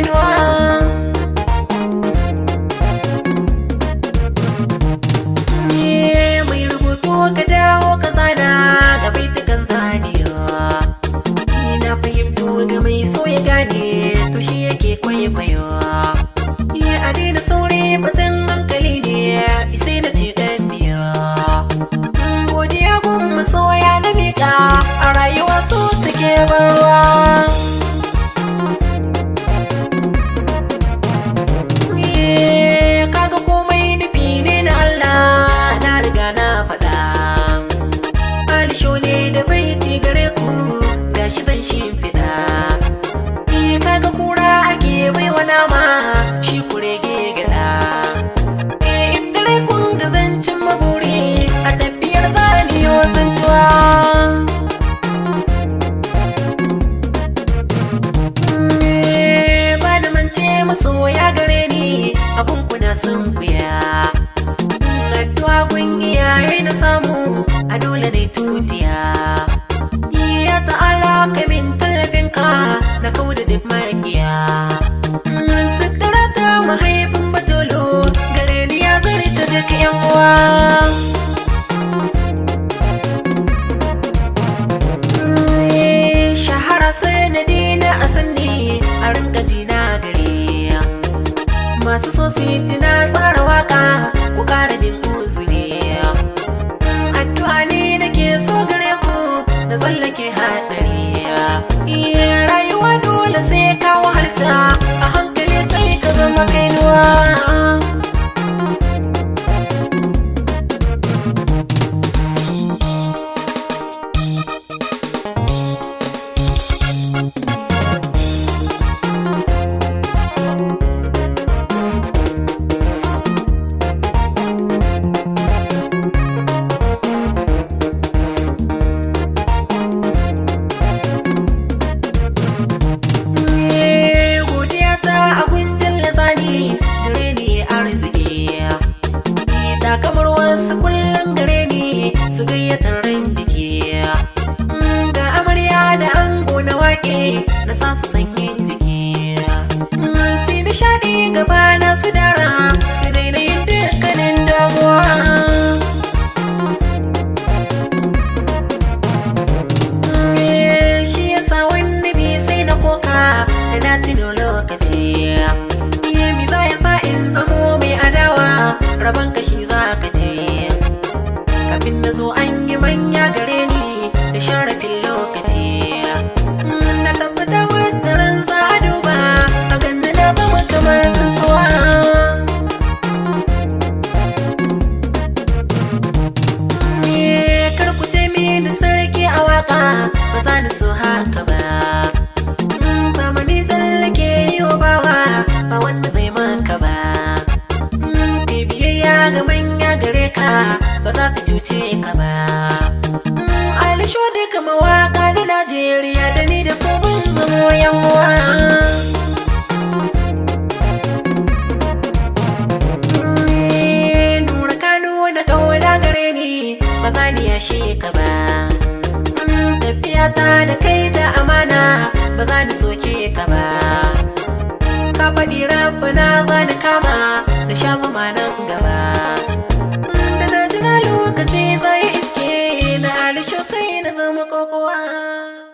inuwa ne mai rubutu ka dawo ka tsada ga baitukan zanewa ni na fahimto ga mai so gane to shi yake kwaikwayowa ni a daina sauri batun hankali ne isai na ce dan biya godiya gun masoya na miƙa a rayuwa su suke barwa shi kurege gada eh in dare kun ga zancin a tafiyar zani wasantuwa ba eh, da mance masoya gare ni abun kuna sun kuya addu'a kun iyaye na samu a dole ne tutiya ya ta'ala kai min tallafinka na kauda duk magiya banca cuce ka ba Alisho da na Najeriya da ni da kuma zamo yawa eh, Nura Kano na kawana gare ni ba za ni yashe ka ba Tafiya ta da kai da amana ba za ni soke ka ba Ka faɗi rabba na za ni kama da sha zama nan kama kokoa